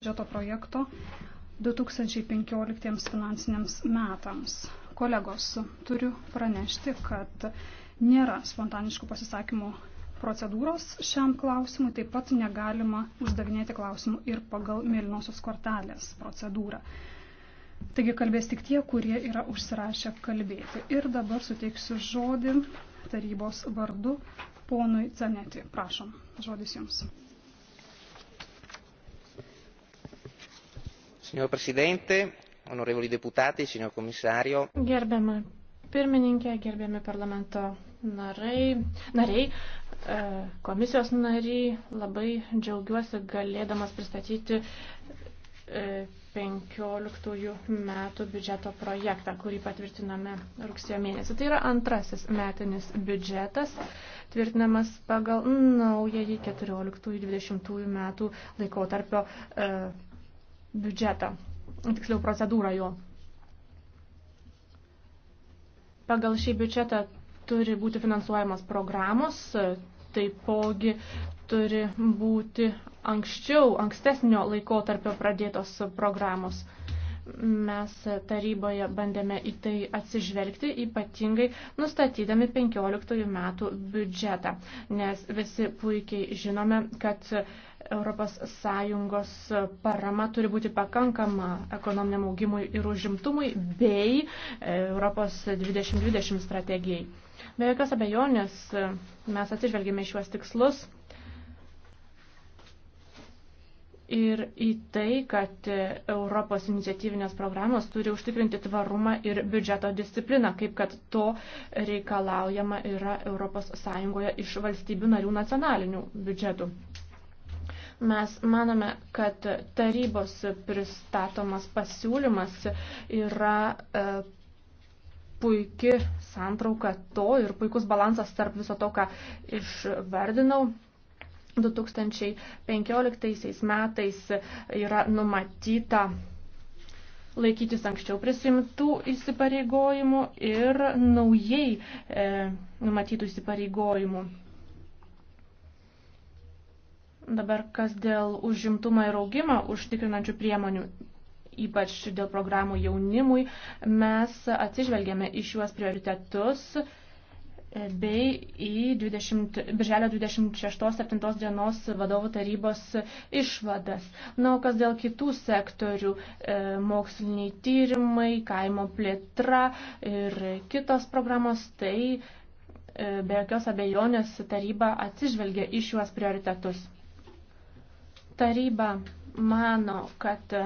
biudžeto projekto 2015 finansiniams metams. Kolegos, turiu pranešti, kad nėra spontaniškų pasisakymų procedūros šiam klausimui, taip pat negalima uždavinėti klausimų ir pagal mėlynosios kortelės procedūrą. Taigi kalbės tik tie, kurie yra užsirašę kalbėti. Ir dabar suteiksiu žodį tarybos vardu ponui Zaneti. Prašom, žodis jums. signor presidente onorevoli deputati signor komisariau gerbiama pirmininke gerbiami parlamento narai nariai e, komisijos nary labai džiaugiuosi galėdamas pristatyti 15 e, metų biudžeto projektą, kurį patvirtiname rugsėjo mėnesį. Tai yra antrasis metinis biudžetas, tvirtinamas pagal naująjį 14-20 metų laikotarpio e, biudžetą, tiksliau procedūrą jo. Pagal šį biudžetą turi būti finansuojamas programos, taipogi turi būti anksčiau, ankstesnio laikotarpio pradėtos programos. Mes taryboje bandėme į tai atsižvelgti, ypatingai nustatydami 15 metų biudžetą, nes visi puikiai žinome, kad ES parama turi būti pakankama ekonominiam augimui ir užimtumui bei e, Europos 2020 strategijai. Be jokios abejonės e, mes atsižvelgėme šiuos tikslus ir į tai, kad e, Europos iniciatyvinės programos turi užtikrinti tvarumą ir biudžeto discipliną, kaip kad to reikalaujama yra ES iš valstybių narių nacionalinių biudžetų. Mes manome, kad tarybos pristatomas pasiūlymas yra e, puiki santrauka to ir puikus balansas tarp viso to, ką išvardinau. 2015 metais yra numatyta laikytis anksčiau prisimtų įsipareigojimų ir naujai e, numatytų įsipareigojimų. Dabar kas dėl užimtumą ir augimą užtikrinančių priemonių, ypač dėl programų jaunimui, mes atsižvelgėme į šiuos prioritetus e, bei į 20, birželio 26-7 dienos vadovų tarybos išvadas. Na, o kas dėl kitų sektorių e, - moksliniai tyrimai, kaimo plėtra ir kitos programos, tai e, be jokios abejonės taryba atsižvelgia į šiuos prioritetus taryba mano, kad e,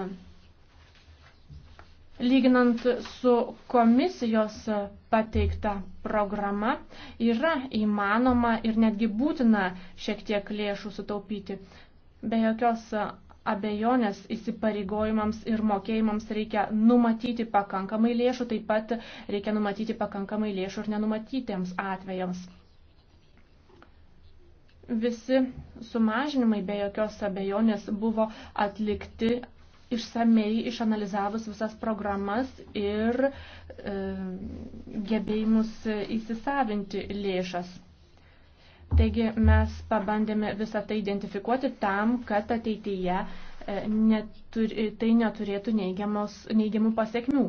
lyginant su komisijos e, pateikta programa yra įmanoma ir netgi būtina šiek tiek lėšų sutaupyti. Be jokios e, abejonės įsipareigojimams ir mokėjimams reikia numatyti pakankamai lėšų, taip pat reikia numatyti pakankamai lėšų ir nenumatytiems atvejams. Visi sumažinimai be jokios abejonės buvo atlikti išsamei išanalizavus visas programas ir e, gebėjimus įsisavinti lėšas. Taigi mes pabandėme visą tai identifikuoti tam, kad ateityje e, neturi, tai neturėtų neigiamų pasiekmių.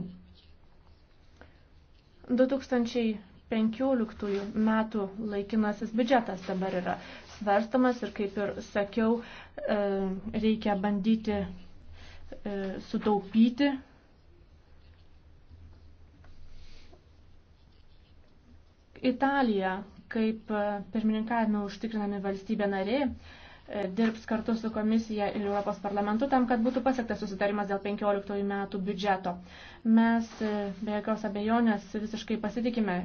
2015 metų laikinasis biudžetas dabar yra svarstamas ir kaip ir sakiau, e, reikia bandyti e, sutaupyti. Italija, kaip e, pirmininkavime užtikrinami valstybė narė, E, dirbs kartu su komisija ir Europos parlamentu tam, kad būtų pasiektas susitarimas dėl 15 metų biudžeto. Mes e, be jokios abejonės visiškai pasitikime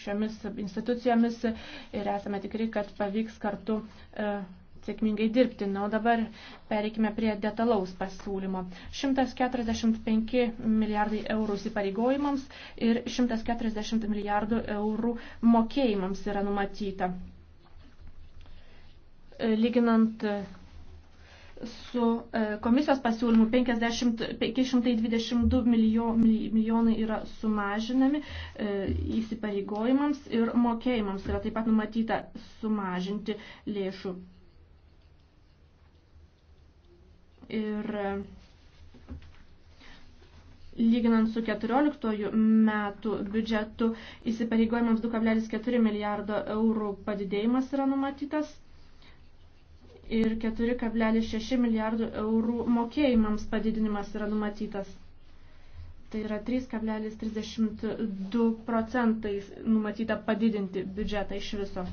šiomis institucijomis ir esame tikri, kad pavyks kartu e, sėkmingai dirbti. Na, o dabar pereikime prie detalaus pasiūlymo. 145 milijardai eurų įsipareigojimams ir 140 milijardų eurų mokėjimams yra numatyta lyginant e, su e, komisijos pasiūlymu 50, 522 milijonai yra sumažinami e, įsipareigojimams ir mokėjimams yra taip pat numatyta sumažinti lėšų. Ir lyginant su 14 metų biudžetu įsipareigojimams 2,4 milijardo eurų padidėjimas yra numatytas ir 4,6 milijardų eurų mokėjimams padidinimas yra numatytas. Tai yra 3,32 procentai numatyta padidinti biudžetą iš viso.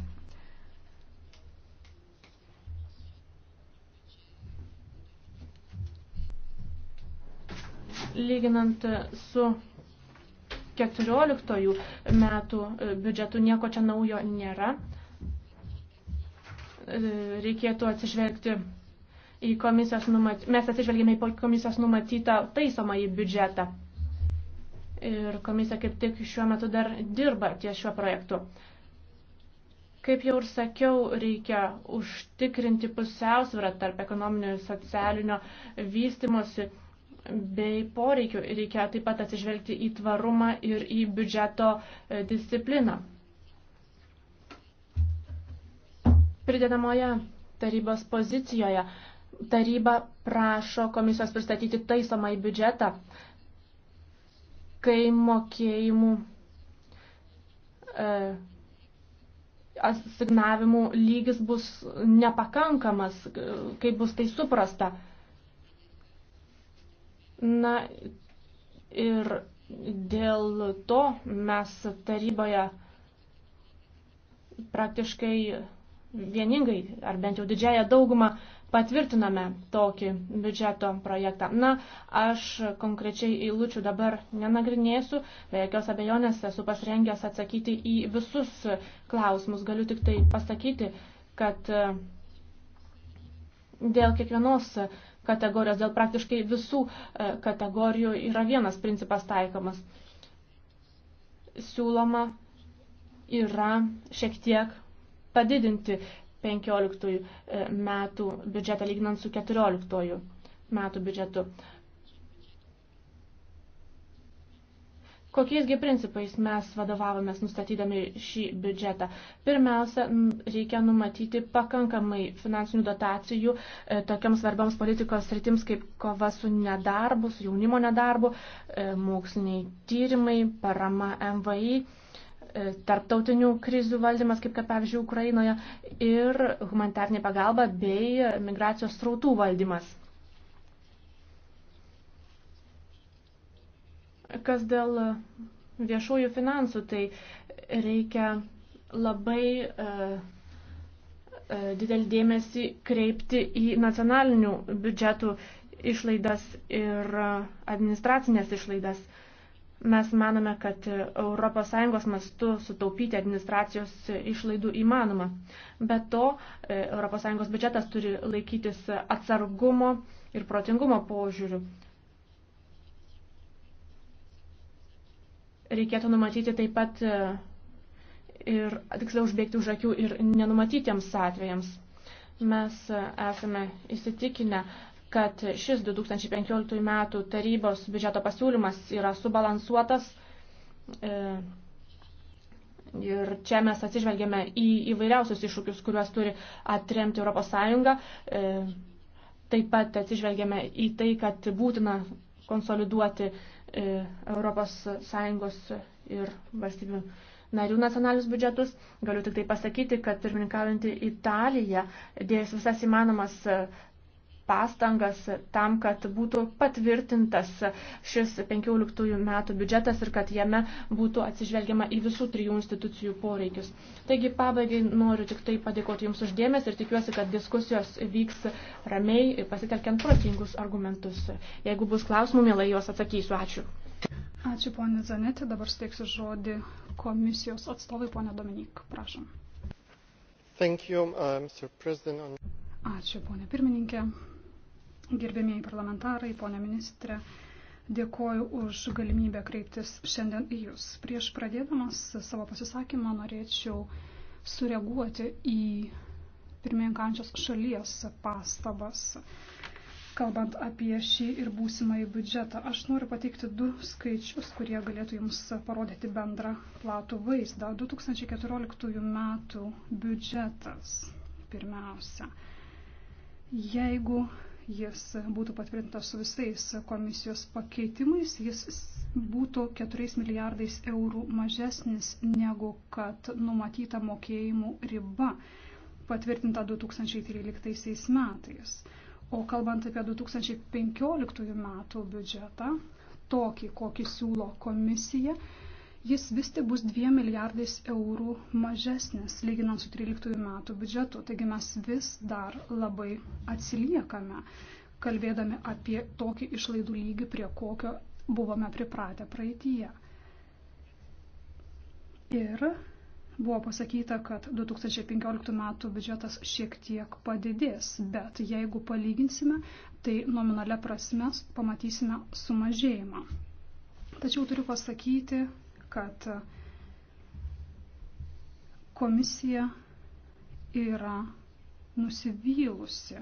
Lyginant su 14 metų biudžetu nieko čia naujo nėra. E, reikėtų atsižvelgti į komisijos numatytą, mes atsižvelgėme į komisijos numatytą taisomą į biudžetą. Ir komisija kaip tik šiuo metu dar dirba ties šiuo projektu. Kaip jau ir sakiau, reikia užtikrinti pusiausvyrą tarp ekonominio ir socialinio vystimosi bei poreikių. Reikia taip pat atsižvelgti į tvarumą ir į biudžeto e, discipliną. Pridedamoje tarybos pozicijoje taryba prašo komisijos pristatyti taisomą į biudžetą, kai mokėjimų e, asignavimų lygis bus nepakankamas, kaip bus tai suprasta. Na ir dėl to mes taryboje praktiškai vieningai, ar bent jau didžiąją daugumą, patvirtiname tokį biudžeto projektą. Na, aš konkrečiai eilučių dabar nenagrinėsiu, be jokios abejonės esu pasirengęs atsakyti į visus klausimus. Galiu tik tai pasakyti, kad e, dėl kiekvienos kategorijos, dėl praktiškai visų e, kategorijų yra vienas principas taikomas. Siūloma yra šiek tiek padidinti 15 e, metų biudžetą lyginant su 14 metų biudžetu. Kokiaisgi principais mes vadovavomės nustatydami šį biudžetą? Pirmiausia, reikia numatyti pakankamai finansinių dotacijų e, tokiams svarbiams politikos sritims kaip kova su nedarbu, su jaunimo nedarbu, e, moksliniai tyrimai, parama MVI. E, E, tarptautinių krizių valdymas, kaip kad pavyzdžiui Ukrainoje, ir humanitarnė pagalba bei migracijos srautų valdymas. Kas dėl viešųjų finansų, tai reikia labai uh, didelį dėmesį kreipti į nacionalinių biudžetų išlaidas ir administracinės išlaidas. Uh, Mes manome, kad ES mastu sutaupyti administracijos išlaidų įmanoma. Be to, ES biudžetas turi laikytis atsargumo ir protingumo požiūrių. Reikėtų numatyti taip pat e, ir tiksliau užbėgti už akių ir nenumatytiems atvejams. Mes e, esame įsitikinę, kad šis 2015 metų tarybos biudžeto pasiūlymas yra subalansuotas. E, ir čia mes atsižvelgėme į įvairiausius iššūkius, kuriuos turi atremti ES. E, taip pat atsižvelgėme į tai, kad būtina konsoliduoti ES ir valstybių narių nacionalius biudžetus. Galiu tik tai pasakyti, kad pirmininkaujantį Italiją dės visas įmanomas e, pastangas tam, kad būtų patvirtintas šis 15 metų biudžetas ir kad jame būtų atsižvelgiama į visų trijų institucijų poreikius. Taigi pabaigai noriu tik tai padėkoti Jums uždėmės ir tikiuosi, kad diskusijos vyks ramiai pasitelkiant protingus argumentus. Jeigu bus klausimų, mielai juos atsakysiu. Ačiū. Ačiū, ponė Zanetė. Dabar steiksiu žodį komisijos atstovai, ponė Dominik. Prašom. Thank you, uh, Mr. President. Ačiū, ponė pirmininkė. Gerbėmėjai parlamentarai, ponė ministrė, dėkoju už galimybę kreiptis šiandien į Jūs. Prieš pradėdamas savo pasisakymą norėčiau sureaguoti į pirmininkančios šalies pastabas. Kalbant apie šį ir būsimąjį biudžetą, aš noriu pateikti du skaičius, kurie galėtų Jums parodyti bendrą platų vaizdą. 2014 metų biudžetas pirmiausia. Jeigu jis būtų patvirtintas su visais komisijos pakeitimais, jis būtų 4 milijardais eurų mažesnis negu kad numatyta mokėjimų riba patvirtinta 2013 metais. O kalbant apie 2015 metų biudžetą, tokį, kokį siūlo komisija, jis vis tik bus 2 milijardais eurų mažesnis, lyginant su 13 metų biudžetu. Taigi mes vis dar labai atsiliekame, kalbėdami apie tokį išlaidų lygį, prie kokio buvome pripratę praeitie. Ir buvo pasakyta, kad 2015 metų biudžetas šiek tiek padidės, bet jeigu palyginsime, tai nominale prasme pamatysime sumažėjimą. Tačiau turiu pasakyti, kad komisija yra nusivylusi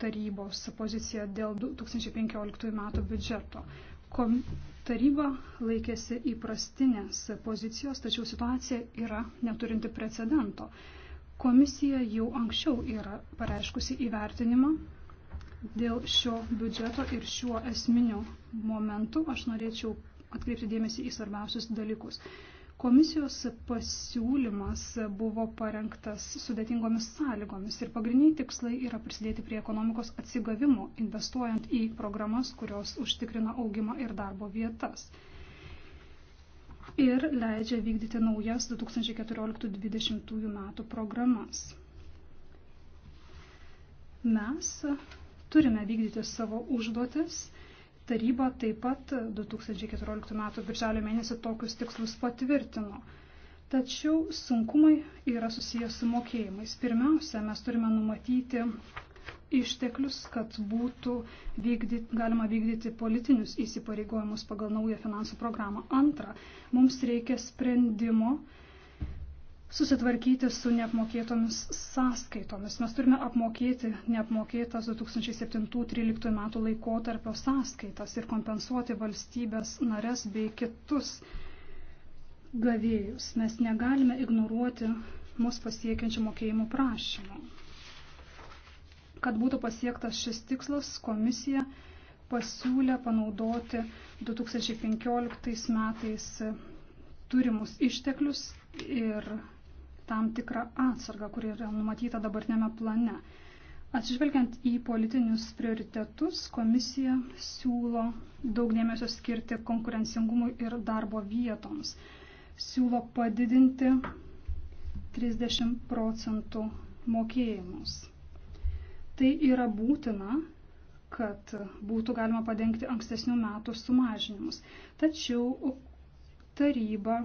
tarybos poziciją dėl 2015 metų biudžeto. Kom taryba laikėsi įprastinės pozicijos, tačiau situacija yra neturinti precedento. Komisija jau anksčiau yra pareiškusi įvertinimą dėl šio biudžeto ir šiuo esminiu momentu. Aš norėčiau atkreipti dėmesį į svarbiausius dalykus. Komisijos pasiūlymas buvo parengtas sudėtingomis sąlygomis ir pagrindiniai tikslai yra prisidėti prie ekonomikos atsigavimo, investuojant į programas, kurios užtikrina augimą ir darbo vietas. Ir leidžia vykdyti naujas 2014-2020 metų programas. Mes turime vykdyti savo užduotis Taryba taip pat 2014 m. birželio mėnesį tokius tikslus patvirtino. Tačiau sunkumai yra susijęs su mokėjimais. Pirmiausia, mes turime numatyti išteklius, kad būtų vykdyt, galima vykdyti politinius įsipareigojimus pagal naują finansų programą. Antra, mums reikia sprendimo, uh, susitvarkyti su neapmokėtomis sąskaitomis. Mes turime apmokėti neapmokėtas 2007-2013 metų laikotarpio sąskaitas ir kompensuoti valstybės nares bei kitus gavėjus. Mes negalime ignoruoti mus pasiekiančių mokėjimų prašymų. Kad būtų pasiektas šis tikslas, komisija pasiūlė panaudoti 2015 metais turimus išteklius ir tam tikrą atsargą, kuri yra numatyta dabartinėme plane. Atsižvelgiant į politinius prioritetus, komisija siūlo daug dėmesio skirti konkurencingumui ir darbo vietoms. Siūlo padidinti 30 procentų mokėjimus. Tai yra būtina, kad būtų galima padengti ankstesnių metų sumažinimus. Tačiau taryba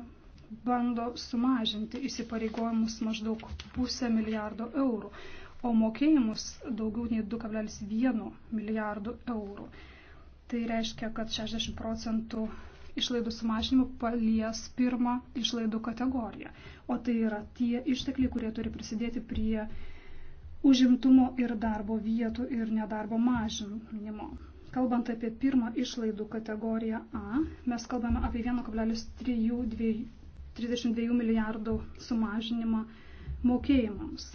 bando sumažinti įsipareigojimus maždaug pusę milijardo eurų, o mokėjimus daugiau nei 2,1 milijardo eurų. Tai reiškia, kad 60 procentų išlaidų sumažinimų palies pirmą išlaidų kategoriją, o tai yra tie ištekliai, kurie turi prisidėti prie užimtumo ir darbo vietų ir nedarbo mažinimo. Kalbant apie pirmą išlaidų kategoriją A, mes kalbame apie 1,32 32 milijardų sumažinimą mokėjimams.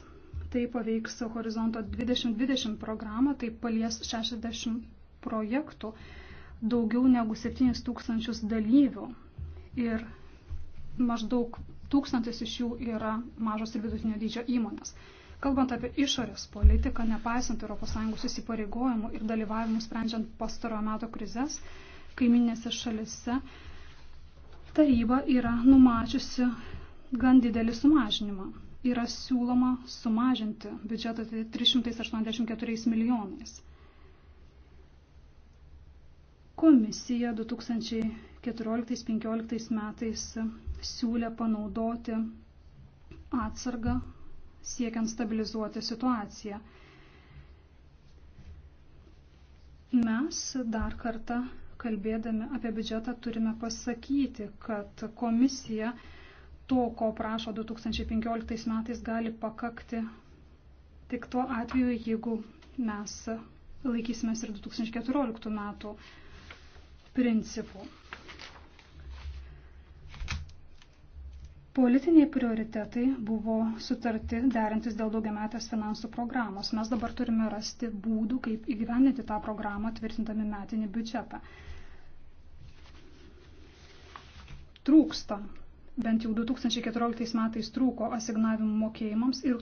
Tai paveiks Horizonto 2020 programą, tai palies 60 projektų, daugiau negu 7 tūkstančius dalyvių. Ir maždaug tūkstantis iš jų yra mažos ir vidutinio dydžio įmonės. Kalbant apie išorės politiką, nepaisant ES įsipareigojimų ir dalyvavimų sprendžiant pastarojo meto krizės, kaiminėse šalise taryba yra numačiusi gan didelį sumažinimą. Yra siūloma sumažinti biudžetą 384 tai milijonais. Komisija 2014-2015 metais siūlė panaudoti atsargą siekiant stabilizuoti situaciją. Mes dar kartą kalbėdami apie biudžetą, turime pasakyti, kad komisija to, ko prašo 2015 metais, gali pakakti tik tuo atveju, jeigu mes laikysimės ir 2014 metų principų. Politiniai prioritetai buvo sutarti derintis dėl daugiametės finansų programos. Mes dabar turime rasti būdų, kaip įgyvendinti tą programą, tvirtindami metinį biudžetą. Trūksta, bent jau 2014 metais trūko asignavimų mokėjimams ir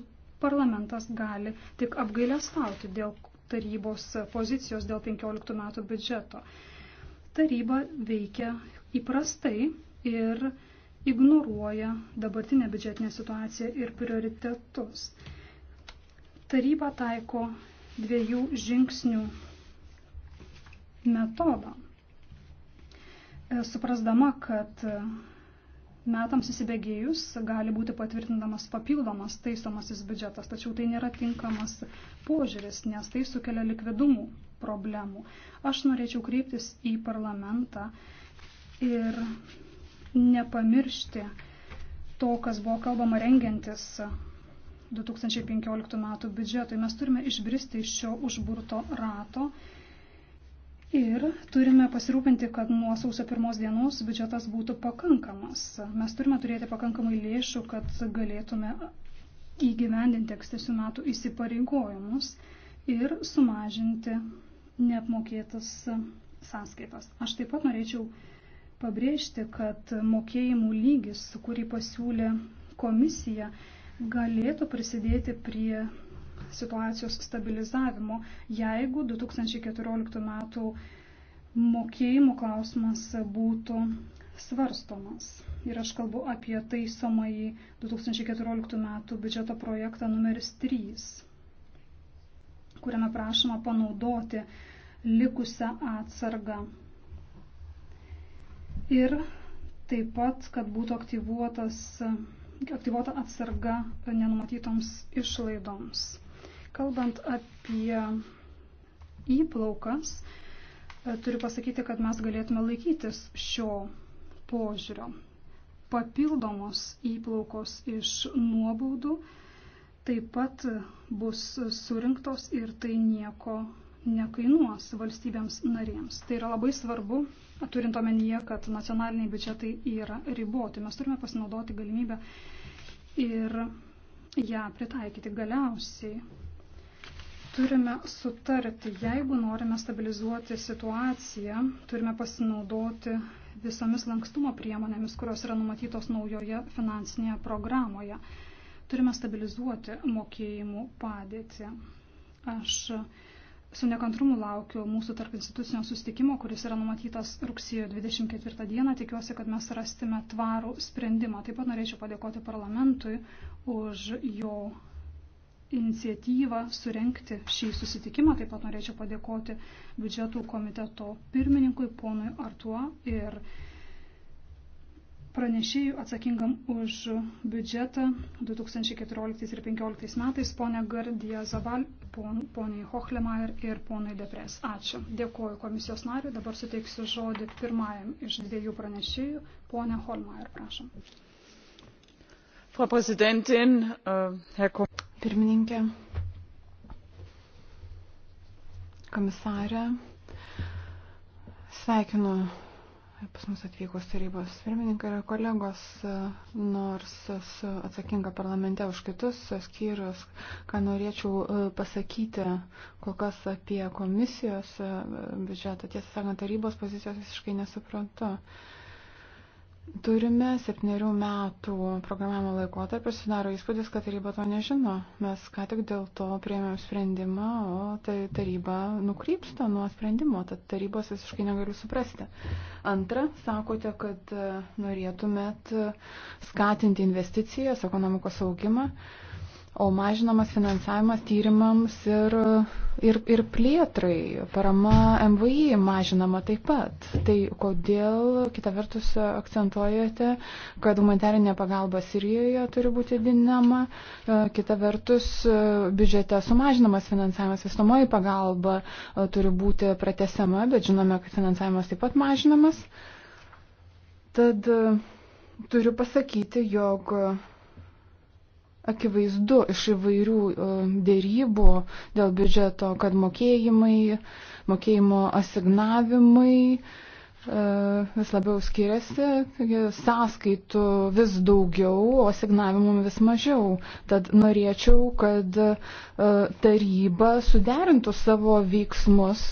parlamentas gali tik apgailę stauti dėl tarybos pozicijos dėl 15 metų biudžeto. Taryba veikia įprastai ir ignoruoja dabartinę biudžetinę situaciją ir prioritetus. Taryba taiko dviejų žingsnių metodą. E, suprasdama, kad metams įsibėgėjus gali būti patvirtindamas papildomas taisomasis biudžetas, tačiau tai nėra tinkamas požiūris, nes tai sukelia likvidumų problemų. Aš norėčiau kreiptis į parlamentą ir nepamiršti to, kas buvo kalbama rengiantis 2015 metų biudžetui. Mes turime išbristi iš šio užburto rato ir turime pasirūpinti, kad nuo sausio pirmos dienos biudžetas būtų pakankamas. Mes turime turėti pakankamai lėšų, kad galėtume įgyvendinti ankstesių metų įsipareigojimus ir sumažinti neapmokėtas sąskaitas. Aš taip pat norėčiau pabrėžti, kad mokėjimų lygis, kurį pasiūlė komisija, galėtų prisidėti prie situacijos stabilizavimo, jeigu 2014 metų mokėjimų klausimas būtų svarstomas. Ir aš kalbu apie taisomąjį 2014 metų biudžeto projektą numeris 3, kuriame prašoma panaudoti likusią atsargą ir taip pat, kad būtų aktyvuotas, aktyvuota atsarga nenumatytoms išlaidoms. Kalbant apie įplaukas, turiu pasakyti, kad mes galėtume laikytis šio požiūrio. Papildomos įplaukos iš nuobaudų taip pat bus surinktos ir tai nieko nekainuos valstybėms narėms. Tai yra labai svarbu, turint omenyje, kad nacionaliniai biudžetai yra riboti. Mes turime pasinaudoti galimybę ir ją pritaikyti galiausiai. Turime sutarti, jeigu norime stabilizuoti situaciją, turime pasinaudoti visomis lankstumo priemonėmis, kurios yra numatytos naujoje finansinėje programoje. Turime stabilizuoti mokėjimų padėtį. Aš uh, Su nekantrumu laukiu mūsų tarp institucinio sustikimo, kuris yra numatytas rugsėjo 24 dieną. Tikiuosi, kad mes rastime tvarų sprendimą. Taip pat norėčiau padėkoti parlamentui už jo iniciatyvą surenkti šį susitikimą. Taip pat norėčiau padėkoti biudžetų komiteto pirmininkui, ponui Artuo ir pranešėjų atsakingam už biudžetą 2014 ir 2015 metais, ponė Gardija Zabal pon, poniai Hochlemajer ir ponui Depres. Ačiū. Dėkuoju komisijos nariui. Dabar suteiksiu žodį pirmajam iš dviejų pranešėjų. Pone Holmajer, prašom. Frau Präsidentin, uh, Herr Kom Pirmininkė, komisarė, sveikinu Pas mus atvykus tarybos pirmininkai yra kolegos, nors esu atsakinga parlamente už kitus skyrius, ką norėčiau e, pasakyti kol kas apie komisijos e, biudžetą. Tiesą sakant, tarybos pozicijos visiškai nesuprantu. Uh, Turime septyniarių metų programavimo laikotarpį ir sudaro įspūdis, kad taryba to nežino. Mes ką tik dėl to prieimėm sprendimą, o tai taryba nukrypsta nuo sprendimo, tad tarybos visiškai negaliu suprasti. Antra, sakote, kad norėtumėt skatinti investicijas, ekonomikos augimą. Uh, o mažinamas finansavimas tyrimams ir, ir, ir plėtrai, parama MVI mažinama taip pat. Tai kodėl, kita vertus, akcentuojate, kad humanitarinė pagalba Sirijoje turi būti dinama, kita vertus, biudžete sumažinamas finansavimas, visumoji pagalba e, turi būti pratesiama, bet žinome, kad finansavimas taip pat mažinamas. Tad e, turiu pasakyti, jog akivaizdu iš įvairių e, dėrybų dėl biudžeto, kad mokėjimai, mokėjimo asignavimai e, vis labiau skiriasi, taigi sąskaitų vis daugiau, o asignavimų vis mažiau. Tad norėčiau, kad e, taryba suderintų savo veiksmus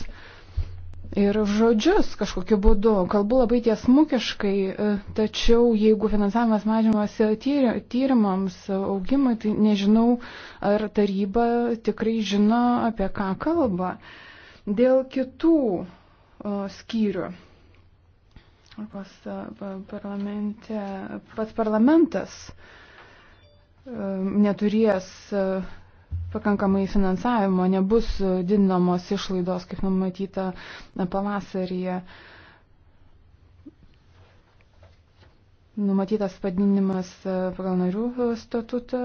ir žodžius kažkokiu būdu. Kalbu labai tiesmukiškai, e, tačiau jeigu finansavimas mažinamas e, tyrimams, e, augimui, tai nežinau, ar taryba tikrai žino, apie ką kalba. Dėl kitų skyrių. Pas, parlamente, pats parlamentas neturės pakankamai finansavimo, nebus e, didinamos išlaidos, kaip numatyta pavasaryje. Numatytas padinimas e, pagal narių e, statutą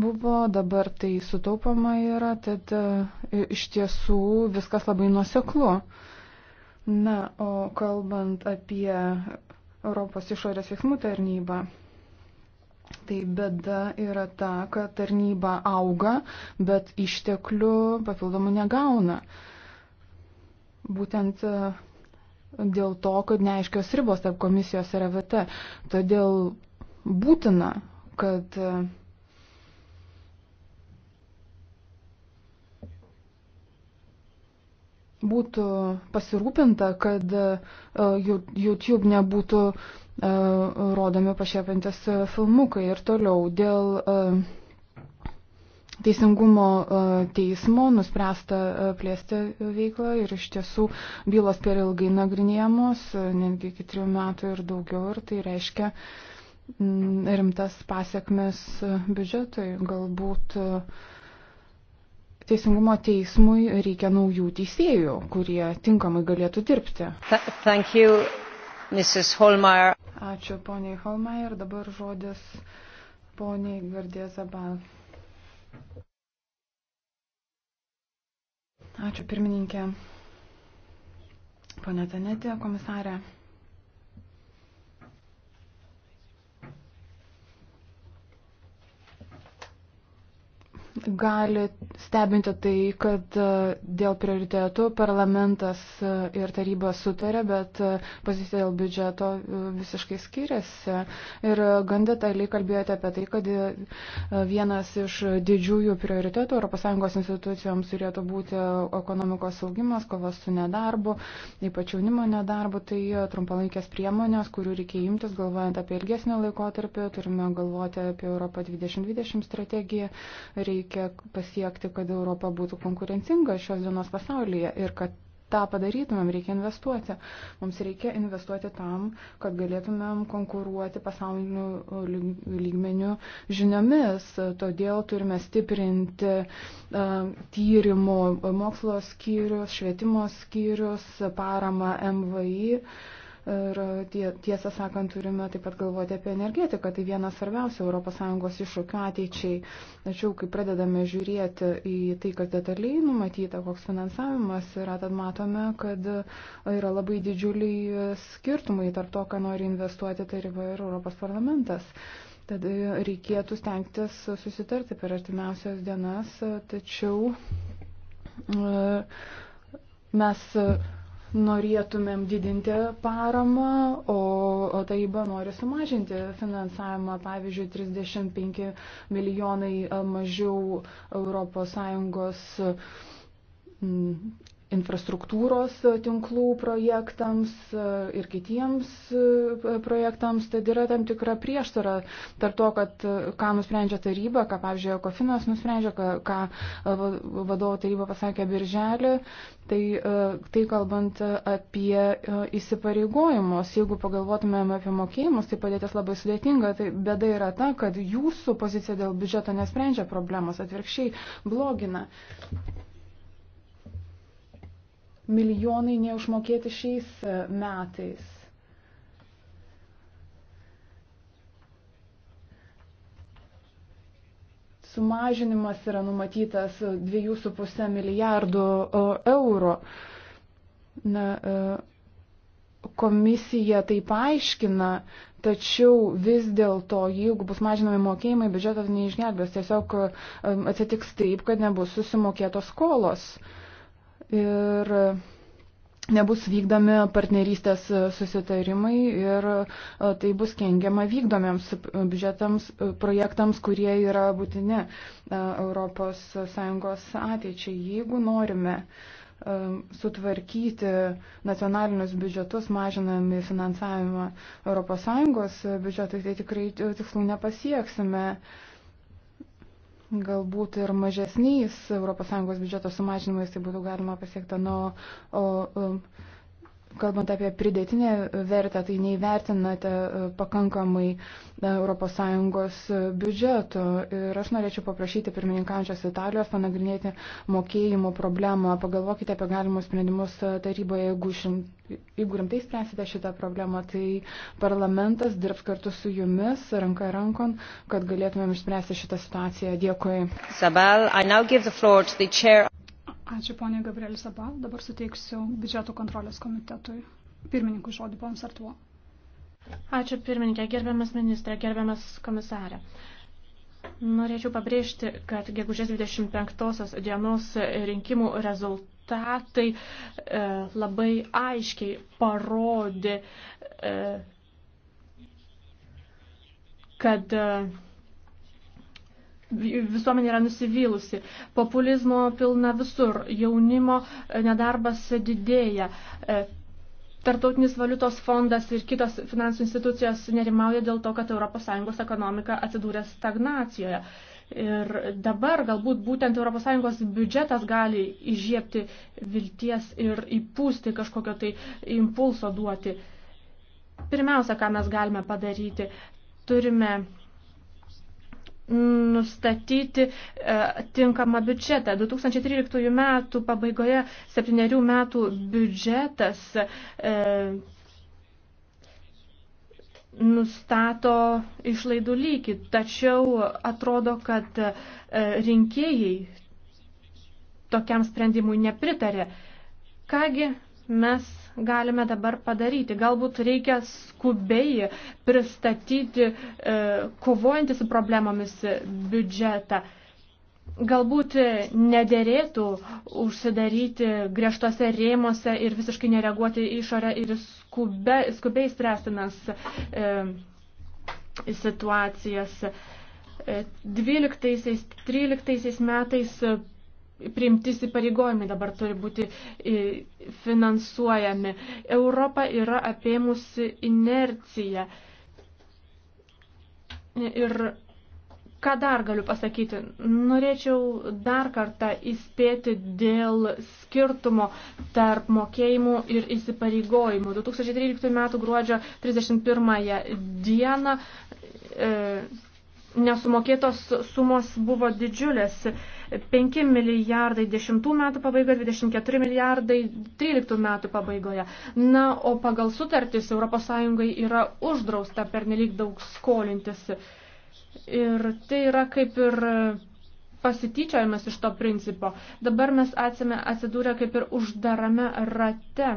buvo, dabar tai sutaupama yra, tad iš tiesų viskas labai nuoseklu. Na, o kalbant apie Europos išorės veiksmų tarnybą. Tai bėda yra ta, kad tarnyba auga, bet išteklių papildomų negauna. Būtent e, dėl to, kad neaiškios ribos tarp komisijos ir AVT. E Todėl būtina, kad e, būtų pasirūpinta, kad YouTube nebūtų rodomi pašiepantis e, filmukai ir toliau dėl e, Teisingumo e, teismo nuspręsta plėsti veiklą ir iš tiesų bylos per ilgai nagrinėjamos, netgi iki trijų metų ir daugiau, ir tai reiškia mm, rimtas pasiekmes biudžetui. Galbūt Teisingumo teismui reikia naujų teisėjų, kurie tinkamai galėtų dirbti. Th thank you, Mrs. Holmeyer. Ačiū poniai Holmai ir dabar žodis poniai Gardė Zabal. Ačiū pirmininkė. Pone Zanetė, komisarė. gali stebinti tai, kad e, dėl prioritėtų parlamentas e, ir taryba sutarė, bet e, pozicija dėl biudžeto visiškai skiriasi. Ir gan detaliai kalbėjote apie tai, kad vienas iš didžiųjų prioritėtų ES institucijoms turėtų būti ekonomikos saugimas, kovas su nedarbu, ypač jaunimo nedarbu, tai trumpalaikės priemonės, kurių reikia imtis, galvojant apie ilgesnį laikotarpį, turime galvoti apie Europą 2020 strategiją. Reikia reikia pasiekti, kad Europa būtų konkurencinga šios dienos pasaulyje ir kad tą padarytumėm, reikia investuoti. Mums reikia investuoti tam, kad galėtumėm konkuruoti pasauliniu lygmeniu žiniomis. Todėl turime stiprinti tyrimų mokslo skyrius, švietimo skyrius, paramą MVI Ir tie, tiesą sakant, turime taip pat galvoti apie energetiką. Tai vienas svarbiausių ES iššūkių ateičiai. Tačiau, kai pradedame žiūrėti į tai, kas detaliai numatyta, koks finansavimas yra, tad matome, kad yra labai didžiuliai skirtumai tarp to, ką nori investuoti taryba ir Europos parlamentas. Tad reikėtų stengtis susitarti per artimiausias dienas, tačiau e, mes norėtumėm didinti paramą, o taryba nori sumažinti finansavimą, pavyzdžiui, 35 milijonai mažiau ES infrastruktūros e, tinklų projektams e, ir kitiems e, projektams, tai yra tam tikra prieštara tarp to, kad ką nusprendžia taryba, ką, pavyzdžiui, Kofinas nusprendžia, ką, ką vadovo taryba pasakė birželį, tai, tai kalbant apie įsipareigojimus, jeigu pagalvotumėm apie mokėjimus, tai padėtis labai sudėtinga, tai bėda yra ta, kad jūsų pozicija dėl biudžeto nesprendžia problemos, atvirkščiai blogina milijonai neužmokėti šiais e, metais. Sumažinimas yra numatytas 2,5 milijardų e, eurų. Na, e, komisija tai paaiškina, tačiau vis dėlto, jeigu bus mažinami mokėjimai, biudžetas neišgelbės, tiesiog atsitiks taip, kad nebus susimokėtos skolos. Uh, ir nebus vykdomi partnerystės susitarimai ir e, tai bus kengiama vykdomiams biudžetams, e, projektams, kurie yra būtini ES ateičiai. Jeigu norime e, sutvarkyti nacionalinius biudžetus, mažinami finansavimą ES biudžetui, tai tikrai tikslų nepasieksime galbūt ir mažesniais ES biudžeto sumažinimais tai būtų galima pasiekti. Nu, o, o, kalbant apie pridėtinę vertę, tai neįvertinate e, pakankamai e, ES biudžeto. Ir aš norėčiau paprašyti pirmininkančios Italijos panagrinėti mokėjimo problemą. Pagalvokite apie galimus sprendimus e, taryboje. Jeigu, šim, jeigu rimtai spręsite šitą problemą, tai parlamentas dirbs kartu su jumis ranka rankon, kad galėtumėm išspręsti šitą situaciją. Dėkui. Sabal, Ačiū ponė Gabrielė Sabal. Dabar suteiksiu biudžeto kontrolės komitetui pirmininkui žodį ponas Artuo. Ačiū pirmininkė, gerbiamas ministrė, gerbiamas komisarė. Norėčiau pabrėžti, kad gegužės 25 dienos rinkimų rezultatai e, labai aiškiai parodė, e, kad e, visuomenė yra nusivylusi, populizmo pilna visur, jaunimo e, nedarbas didėja. E, Tartautinis valiutos fondas ir kitos finansų institucijos nerimauja dėl to, kad ES ekonomika atsidūrė stagnacijoje. Ir dabar galbūt būtent ES biudžetas gali įžiepti vilties ir įpūsti kažkokio tai impulso duoti. Pirmiausia, ką mes galime padaryti, turime nustatyti e, tinkamą biudžetą. 2013 metų pabaigoje septyniarių metų biudžetas e, nustato išlaidų lygį, tačiau atrodo, kad e, rinkėjai tokiam sprendimui nepritarė. Kągi mes galime dabar padaryti. Galbūt reikia skubiai pristatyti e, kovojantį su problemomis biudžetą. Galbūt nederėtų užsidaryti griežtose rėmose ir visiškai nereaguoti išorę ir skube, skubiai stresinas e, situacijas. E, 12-13 metais priimti įsipareigojimai dabar turi būti e, finansuojami. Europa yra apėmusi inerciją. Ir ką dar galiu pasakyti? Norėčiau dar kartą įspėti dėl skirtumo tarp mokėjimų ir įsipareigojimų. 2013 m. gruodžio 31 dieną e, nesumokėtos sumos buvo didžiulės. E, 5 milijardai 10 metų pabaigoje, 24 milijardai 13 metų pabaigoje. Na, o pagal sutartis ES yra uždrausta pernelyg daug skolintis. Ir tai yra kaip ir pasityčiojimas iš to principo. Dabar mes atsime atsidūrę kaip ir uždarame rate.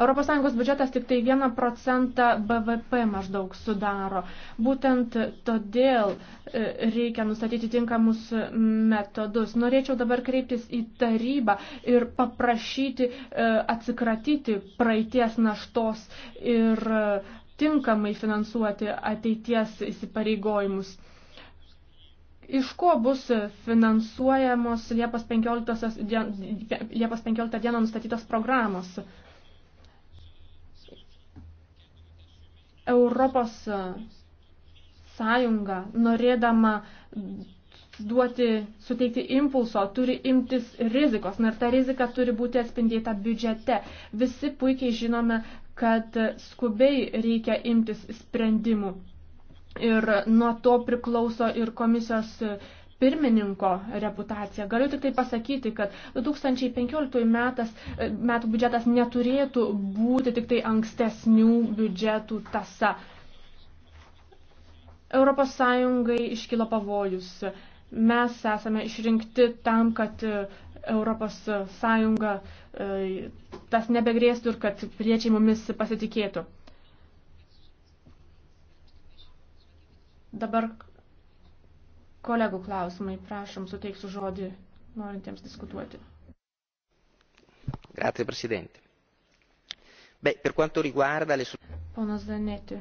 ES biudžetas tik tai 1 procentą BVP maždaug sudaro. Būtent todėl e, reikia nustatyti tinkamus metodus. Norėčiau dabar kreiptis į tarybą ir paprašyti e, atsikratyti praeities naštos ir e, tinkamai finansuoti ateities įsipareigojimus. Iš ko bus finansuojamos Liepos 15, dien, Liepos 15 dieną nustatytos programos? Europos sąjunga, norėdama duoti, suteikti impulso, turi imtis rizikos. Na ir ta rizika turi būti atspindėta biudžete. Visi puikiai žinome, kad skubiai reikia imtis sprendimų. Ir nuo to priklauso ir komisijos pirmininko reputaciją. Galiu tik tai pasakyti, kad 2015 metas, e, metų biudžetas neturėtų būti tik tai ankstesnių biudžetų tasa. Europos Sąjungai iškilo pavojus. Mes esame išrinkti tam, kad e, Europos Sąjunga e, tas nebegrėstų ir kad priečiai mumis pasitikėtų. Dabar Kolegų klausimai, prašom, suteiksiu žodį norintiems diskutuoti. Grazie, Presidente. Beh, per quanto riguarda le... Ponas Zanetti.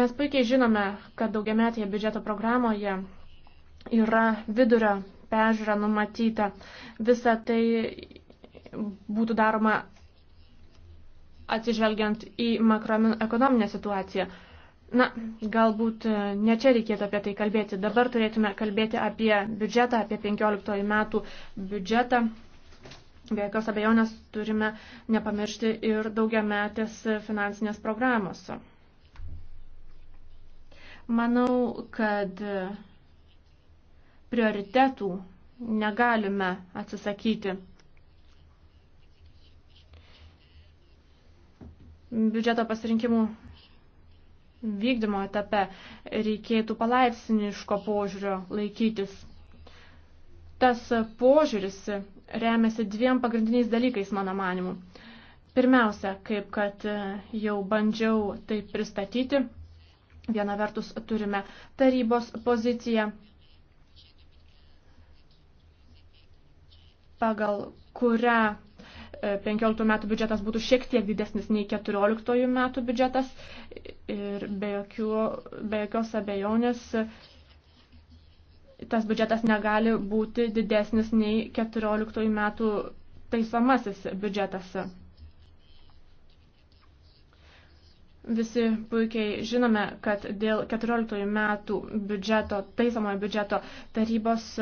Mes puikiai žinome, kad daugiametėje biudžeto programoje yra vidurio pežiūra numatyta. Visa tai būtų daroma atsižvelgiant į makroekonominę situaciją. Na, galbūt e, ne čia reikėtų apie tai kalbėti. Dabar turėtume kalbėti apie biudžetą, apie 15 metų biudžetą. Be jokios abejonės turime nepamiršti ir daugiametės finansinės programos. Manau, kad prioritetų negalime atsisakyti. biudžeto pasirinkimų vykdymo etape reikėtų palaipsniško požiūrio laikytis. Tas požiūris remiasi dviem pagrindiniais dalykais, mano manimu. Pirmiausia, kaip kad jau bandžiau tai pristatyti, viena vertus turime tarybos poziciją, pagal kurią 15 metų biudžetas būtų šiek tiek didesnis nei 14 metų biudžetas ir be, jokių, be jokios abejonės tas biudžetas negali būti didesnis nei 14 metų taisamasis biudžetas. Visi puikiai žinome, kad dėl 14 metų biudžeto, taisamojo biudžeto tarybos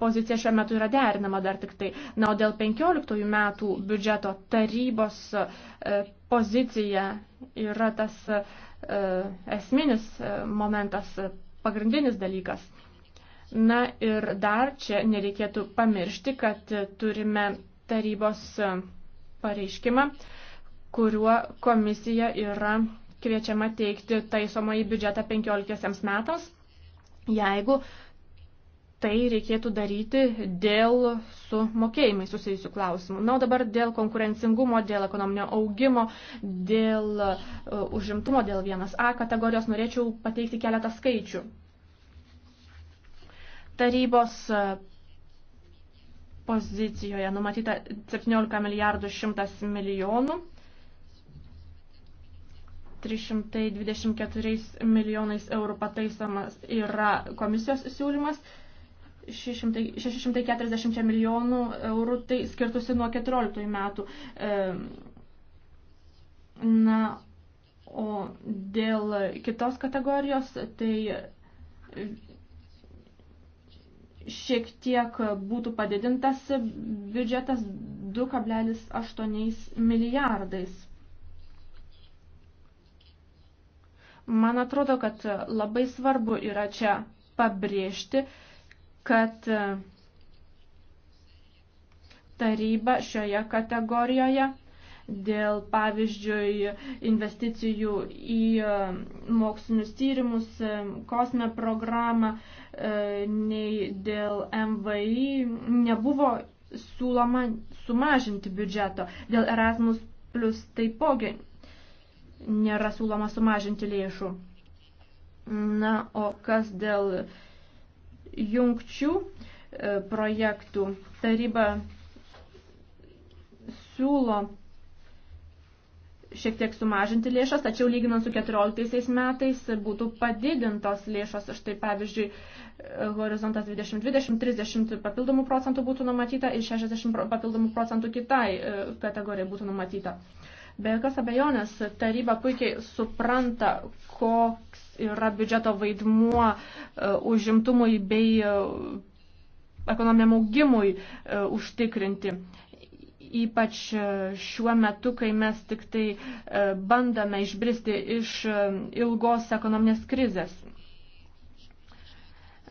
pozicija šiuo metu yra derinama dar tik tai. Na, o dėl 15 metų biudžeto tarybos e, pozicija yra tas e, esminis e, momentas, pagrindinis dalykas. Na ir dar čia nereikėtų pamiršti, kad turime tarybos pareiškimą, kuriuo komisija yra kviečiama teikti taisomą į biudžetą 15 metams, jeigu tai reikėtų daryti dėl su mokėjimai susijusių klausimų. Na, o dabar dėl konkurencingumo, dėl ekonominio augimo, dėl uh, užimtumo, dėl vienas A kategorijos norėčiau pateikti keletą skaičių. Tarybos e, pozicijoje numatyta 17 milijardų 100 milijonų. 324 milijonais eurų pataisamas yra komisijos siūlymas, 640 milijonų eurų, tai skirtusi nuo 14 metų. Na, o dėl kitos kategorijos, tai šiek tiek būtų padidintas biudžetas 2,8 milijardais. Man atrodo, kad labai svarbu yra čia pabrėžti, kad e, taryba šioje kategorijoje dėl, pavyzdžiui, investicijų į e, mokslinius tyrimus, e, kosme programą, nei dėl MVI nebuvo siūloma sumažinti biudžeto. Dėl Erasmus plus taipogi nėra siūloma sumažinti lėšų. Na, o kas dėl jungčių e, projektų. Taryba siūlo šiek tiek sumažinti lėšas, tačiau lyginant su 14 metais būtų padidintos lėšos. Štai pavyzdžiui, e, horizontas 2020, 30 papildomų procentų būtų numatyta ir 60 papildomų procentų kitai e, kategorijai būtų numatyta. Be jokios abejonės, taryba puikiai supranta, koks yra biudžeto vaidmuo e, užimtumui bei e, ekonominiam augimui e, užtikrinti. Ypač šiuo metu, kai mes tik tai bandome išbristi iš ilgos ekonominės krizės.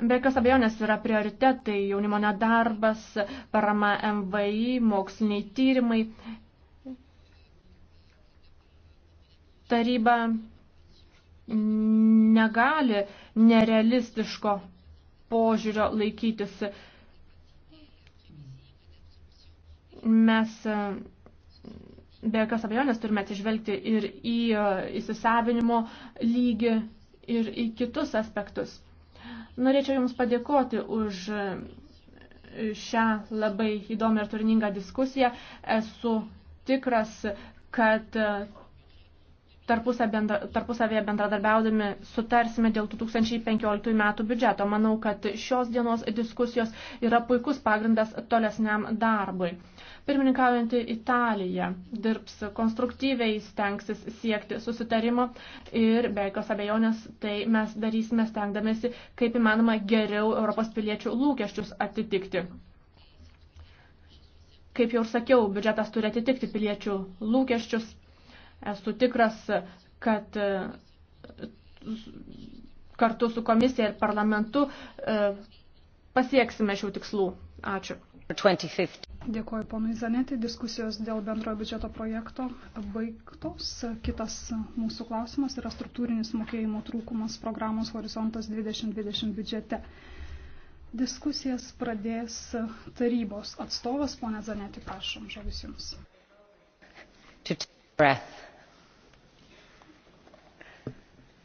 Be jokios abejonės yra prioritetai jaunimo nedarbas, parama MVI, moksliniai tyrimai taryba negali nerealistiško požiūrio laikytis. Mes be jokios abejonės turime atsižvelgti ir į e, įsisavinimo lygį ir į kitus aspektus. Norėčiau Jums padėkoti už e, šią labai įdomią ir turiningą diskusiją. Esu tikras, kad e, tarpusavėje bendradarbiaudami sutarsime dėl 2015 metų biudžeto. Manau, kad šios dienos diskusijos yra puikus pagrindas tolesniam darbui. Pirmininkaujantį Italiją dirbs konstruktyviai, stengsis siekti susitarimo ir be jokios abejonės tai mes darysime stengdamėsi kaip įmanoma geriau Europos piliečių lūkesčius atitikti kaip jau ir sakiau, biudžetas turi atitikti piliečių lūkesčius. Esu tikras, kad e, kartu su komisija ir parlamentu e, pasieksime šių tikslų. Ačiū. 2050. Dėkuoju ponui Zanetį. Diskusijos dėl bendrojo biudžeto projekto baigtos. Kitas mūsų klausimas yra struktūrinis mokėjimo trūkumas programos Horizontas 2020 biudžete. Diskusijas pradės tarybos atstovas. Pone Zanetį, prašom, žodis Jums. To breath.